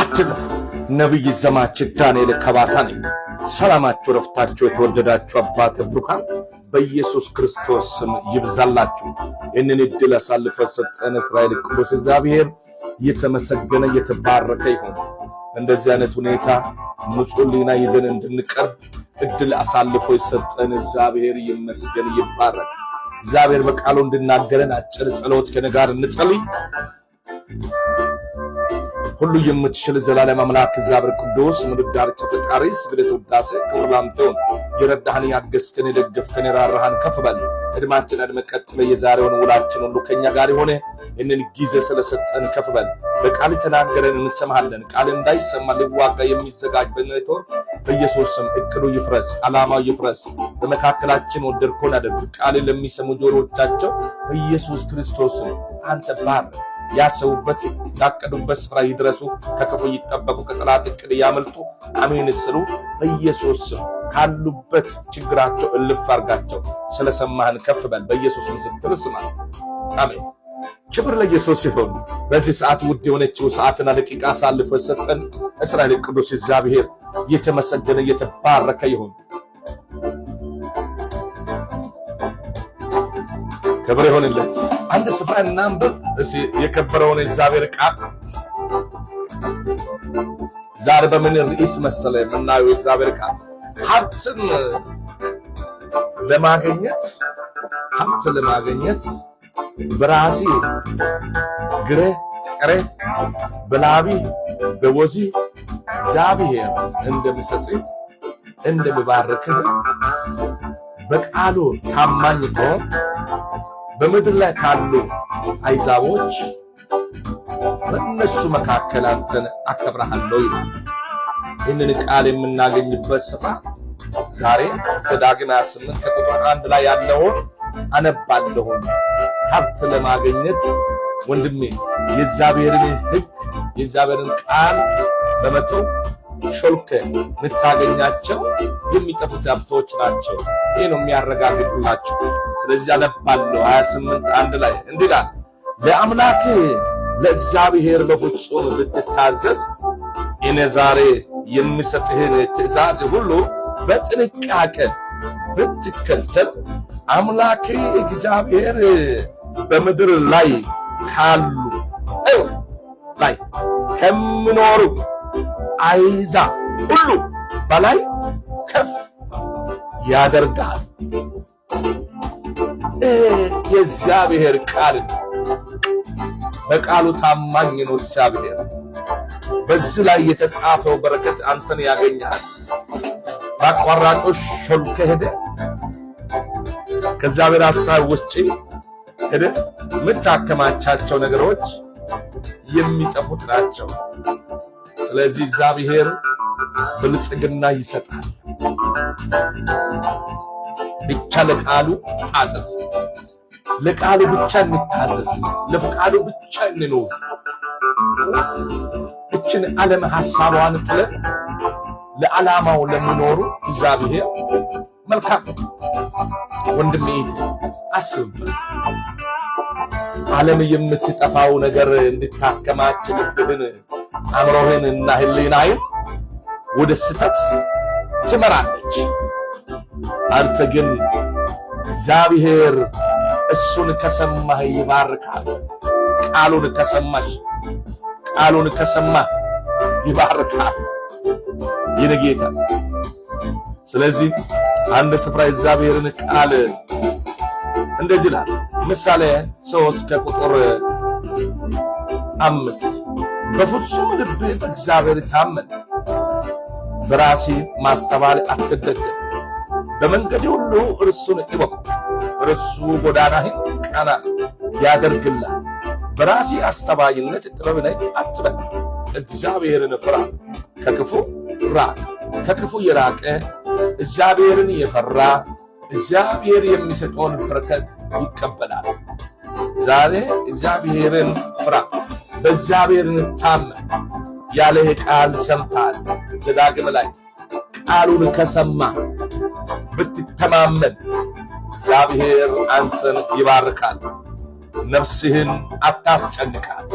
አትለፍ። ነቢይ ዘማች ዳንኤል ከባሳ ነኝ። ሰላማችሁ፣ ረፍታችሁ የተወደዳችሁ አባት ብሩካን በኢየሱስ ክርስቶስ ስም ይብዛላችሁ። ይህንን እድል አሳልፈ ሰጠን እስራኤል ቅዱስ እግዚአብሔር እየተመሰገነ እየተባረከ ይሁን። እንደዚህ አይነት ሁኔታ ንጹሕ ሊና ይዘን እንድንቀርብ እድል አሳልፎ የሰጠን እግዚአብሔር ይመስገን፣ ይባረክ። እግዚአብሔር በቃሉ እንድናገረን አጭር ጸሎት ከነጋር እንጸልይ። ሁሉ የምትችል ዘላለም አምላክ እግዚአብሔር ቅዱስ ምድር ዳርቻ ፈጣሪ ስግደት ውዳሴ ክብር ላንተ የረዳህን ያገዝከን፣ የደገፍከን፣ የራራህን ከፍ በል ዕድማችን ዕድሜ ቀጥለ የዛሬውን ውላችን ሁሉ ከኛ ጋር የሆነ ይህንን ጊዜ ስለሰጠን ከፍ በል በቃል ተናገረን እንሰማሃለን። ቃል እንዳይሰማ ሊዋጋ የሚዘጋጅ በኔትወርክ በኢየሱስ ስም እቅዱ ይፍረስ፣ አላማው ይፍረስ። በመካከላችን ወደርኮን አደርግ ቃል ለሚሰሙ ጆሮዎቻቸው በኢየሱስ ክርስቶስ አንተ ባር ያሰቡበት ያቀዱበት ስፍራ ይድረሱ፣ ከክፉ ይጠበቁ፣ ከጠላት እቅድ ያመልጡ። አሜን ስሉ በኢየሱስ ስም ካሉበት ችግራቸው እልፍ አርጋቸው። ስለሰማህን ከፍ በል በኢየሱስ ምስክር ስማ። አሜን። ክብር ለኢየሱስ ይሁን። በዚህ ሰዓት ውድ የሆነችው ሰዓትና ደቂቃ አሳልፎ የሰጠን እስራኤል ቅዱስ እግዚአብሔር የተመሰገነ የተባረከ ይሁን። ክብር ይሆንለት። አንድ ስፍራ እናንብብ እስኪ የከበረውን እግዚአብሔር ቃል ዛሬ በምን ርዕስ መሰለ የምናየው እግዚአብሔር ቃል ሀብትን ለማገኘት ሀብት ለማገኘት በራሲ ግሬ ቀሬ በላቢ በወዚ እግዚአብሔር እንደምሰጥ እንደሚባርክህ በቃሉ ታማኝ ከሆን በምድር ላይ ካሉ አይዛቦች በእነሱ መካከል አንተን አከብረሃለሁ ይላል። ይህንን ቃል የምናገኝበት ስፍራ ዛሬ ዘዳግም ስምንት ከቁጥር አንድ ላይ ያለውን አነባለሁም። ሀብት ለማግኘት ወንድሜ የእግዚአብሔርን ሕግ የእግዚአብሔርን ቃል በመተው ሾልከ የምታገኛቸው የሚጠፉት ሀብቶች ናቸው። ይህ ነው የሚያረጋግጡላቸው። ስለዚህ አነባለሁ 28 አንድ ላይ እንዲላል ለአምላክ ለእግዚአብሔር በፍጹም ብትታዘዝ እኔ ዛሬ የምሰጥህን ትእዛዝ ሁሉ በጥንቃቄ ብትከተል አምላክ እግዚአብሔር በምድር ላይ ካሉ ላይ ከሚኖሩ አይዛ ሁሉ በላይ ከፍ ያደርጋል። የእግዚአብሔር ቃል በቃሉ ታማኝ ነው። እግዚአብሔር በዚህ ላይ የተጻፈው በረከት አንተን ያገኛል። በአቋራጮች ሾልከ ሄደ ከእግዚአብሔር ሐሳብ ውጭ ሄደ የምታከማቻቸው ነገሮች የሚጠፉት ናቸው። ስለዚህ እግዚአብሔር ብልጽግና ይሰጣል። ብቻ ለቃሉ ታዘዝ። ለቃሉ ብቻ እንታዘዝ። ለፍቃዱ ብቻ እንኖር። እችን ዓለም ሐሳቧን ጥለን ለዓላማው ለሚኖሩ እግዚአብሔር መልካም ወንድሜ አስብበት። ዓለም የምትጠፋው ነገር እንድታከማች ልብህን፣ አእምሮህን እና ህሊናህን ወደ ስተት ትመራለች። አንተ ግን እግዚአብሔር እሱን ከሰማህ ይባርካል። ቃሉን ከሰማሽ ቃሉን ከሰማህ ይባርካል ይንጌታ። ስለዚህ አንድ ስፍራ እግዚአብሔርን ቃል እንደዚህ ይላል ምሳሌ ሶስት ከቁጥር አምስት በፍጹም ልብ እግዚአብሔር ታመን፣ በራሲ ማስተባል አትደገ፣ በመንገድ ሁሉ እርሱን እወቅ፣ እርሱ ጎዳናህን ቀና ያደርግላ። በራሲ አስተባይነት ጥበብ ላይ አትበል፣ እግዚአብሔርን ፍራ፣ ከክፉ ራቅ። ከክፉ የራቀ እግዚአብሔርን የፈራ እግዚአብሔር የሚሰጠውን በረከት ይቀበላል። ዛሬ እግዚአብሔርን ፍራ፣ በእግዚአብሔርን ታመን። ያለህ ቃል ሰምታል። ዘዳግም ላይ ቃሉን ከሰማ ብትተማመን እግዚአብሔር አንተን ይባርካል፣ ነፍስህን አታስጨንቃት።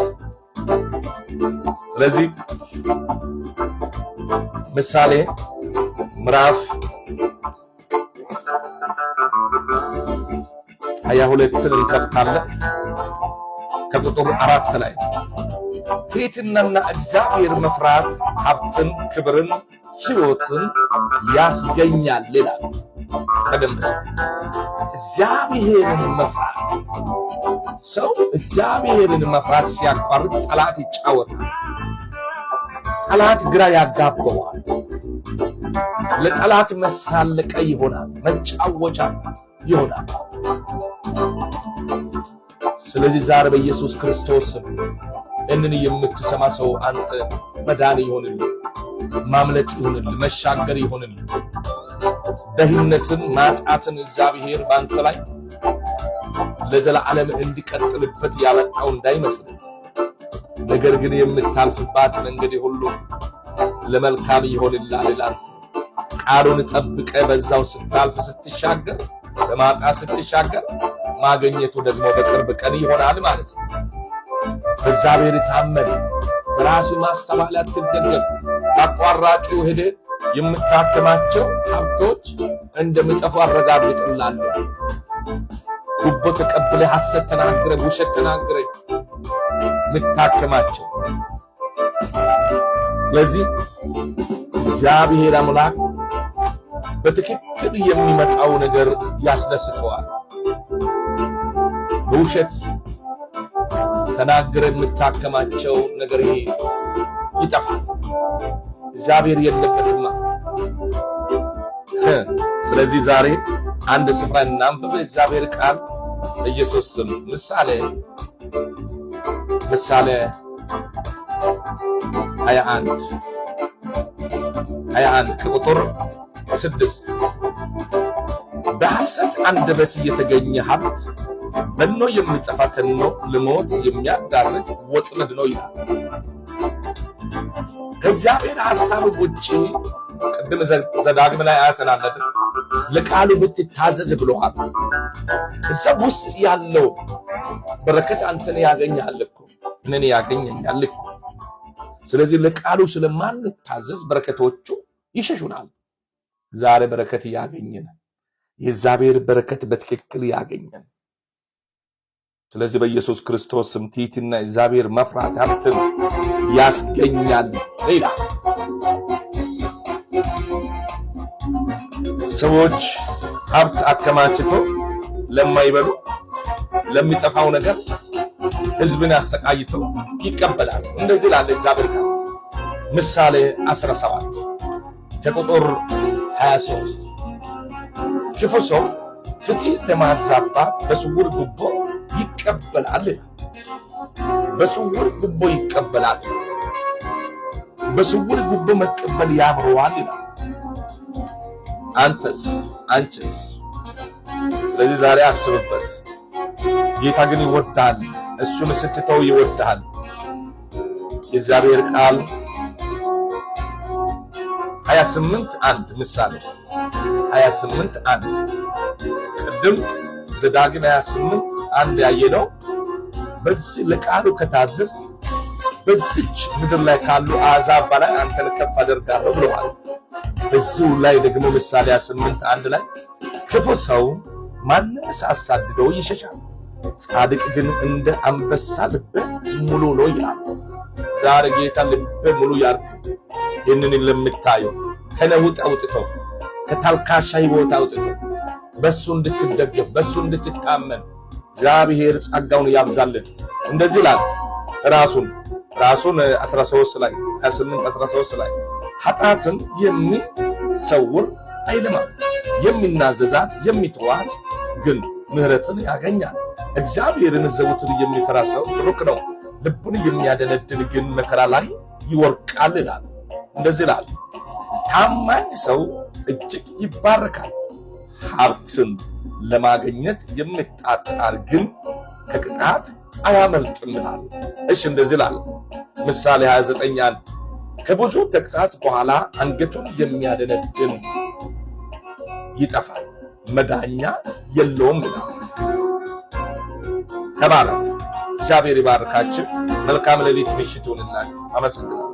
ስለዚህ ምሳሌ ምዕራፍ ሀያ ሁለት ስን እንከፍታለን። ከቁጥር አራት ላይ ትሕትናና እግዚአብሔር መፍራት ሀብትን፣ ክብርን፣ ሕይወትን ያስገኛል ይላል። በደንብ ሰው እግዚአብሔርን መፍራት ሰው እግዚአብሔርን መፍራት ሲያቋርጥ ጠላት ይጫወታል። ጠላት ግራ ያጋባዋል። ለጠላት መሳለቀ ይሆናል፣ መጫወቻ ይሆናል። ስለዚህ ዛሬ በኢየሱስ ክርስቶስ እንን የምትሰማ ሰው አንተ መዳን ይሆንል፣ ማምለጥ ይሆንል፣ መሻገር ይሆንል። ደህንነትን ማጣትን እግዚአብሔር በአንተ ላይ ለዘላለም እንዲቀጥልበት ያመጣው እንዳይመስል፣ ነገር ግን የምታልፍባት መንገድ ሁሉ ለመልካም ይሆንላል። ቃሉን ጠብቀ በዛው ስታልፍ ስትሻገር ለማጣት ስትሻገር ማግኘቱ ደግሞ በቅርብ ቀን ይሆናል ማለት ነው። በእግዚአብሔር ታመን፣ በራስ ማስተባላት ትደገም። አቋራጩ ሄደ የምታከማቸው ሀብቶች እንደሚጠፉ አረጋግጥላለሁ። ጉቦ ተቀብለ፣ ሐሰት ተናግረ፣ ውሸት ተናግረ ምታከማቸው። ለዚህ እግዚአብሔር አምላክ በትክክል የሚመጣው ነገር ያስደስተዋል። በውሸት ተናግረ የምታከማቸው ነገር ይሄ ይጠፋል። እግዚአብሔር የለበትማ። ስለዚህ ዛሬ አንድ ስፍራ እናም እግዚአብሔር ቃል ኢየሱስ ስም ምሳሌ ምሳሌ 21 21 ከቁጥር ስድስት በሐሰት አንደበት የተገኘ ሀብት መኖ የሚጠፋ ተኖ ለሞት የሚያዳርግ ወጥመድ ነው ይላል። ከእግዚአብሔር ሐሳብ ውጭ ቅድም ዘዳግም ላይ አያተላለፍ ለቃሉ ብትታዘዝ ብሎሃል። እዛ ውስጥ ያለው በረከት አንተን ያገኛል እኮ እኔን ያገኘኛል እኮ። ስለዚህ ለቃሉ ስለማንታዘዝ በረከቶቹ ይሸሹናል። ዛሬ በረከት ያገኘን የእግዚአብሔር በረከት በትክክል ያገኘን። ስለዚህ በኢየሱስ ክርስቶስ ስም ትሕትና እግዚአብሔር መፍራት ሀብትን ያስገኛል። ሌላ ሰዎች ሀብት አከማችቶ ለማይበሉ ለሚጠፋው ነገር ህዝብን አሰቃይቶ ይቀበላል። እንደዚህ ላለ እግዚአብሔር ምሳሌ 17 ከቁጥር 23 ክፉ ሰው ፍትህ ለማዛባት በስውር ጉቦ ይቀበላል። በስውር ጉቦ ይቀበላል። በስውር ጉቦ መቀበል ያምረዋል ይላል። አንተስ አንቺስ? ስለዚህ ዛሬ አስብበት። ጌታ ግን ይወድሃል፣ እሱን ስትተው ይወድሃል። የእግዚአብሔር ቃል 28 አንድ ምሳሌ 28 አንድ ቅድም ዘዳግም 28 አንድ ያየነው በዚህ ለቃሉ ከታዘዝ በዚች ምድር ላይ ካሉ አሕዛብ በላይ አንተን ከፍ አደርጋለሁ ብለዋል። እዚሁ ላይ ደግሞ ምሳሌ 28 አንድ ላይ ክፉ ሰው ማንም ሳያሳድደው ይሸሻል፣ ጻድቅ ግን እንደ አንበሳ ልበ ሙሉ ነው ይላል። ዛሬ ጌታ ልብ ሙሉ ያርኩ። ይህንን ለምታዩ ከነውጥ አውጥቶ ከታልካሻ ህይወት አውጥቶ በሱ እንድትደገፍ በሱ እንድትታመን እግዚአብሔር ጸጋውን ያብዛልን። እንደዚህ ላል ራሱን ራሱን 13 ላይ 28 13 ላይ ኃጢአትን የሚሰውር አይደለም፣ የሚናዘዛት የሚተዋት ግን ምህረትን ያገኛል። እግዚአብሔርን ዘውትር የሚፈራ ሰው ሩቅ ነው። ልቡን የሚያደነድን ግን መከራ ላይ ይወርቃል ይላል። እንደዚህ ይላል፣ ታማኝ ሰው እጅግ ይባረካል፣ ሀብትን ለማግኘት የሚጣጣር ግን ከቅጣት አያመልጥም ይላል። እሺ እንደዚህ ይላል ምሳሌ 29 ከብዙ ተግሣጽ በኋላ አንገቱን የሚያደነድን ይጠፋል፣ መዳኛ የለውም ይላል እግዚአብሔር ይባርካችሁ። መልካም ሌሊት ምሽት ይሁንላችሁ። አመሰግናለሁ።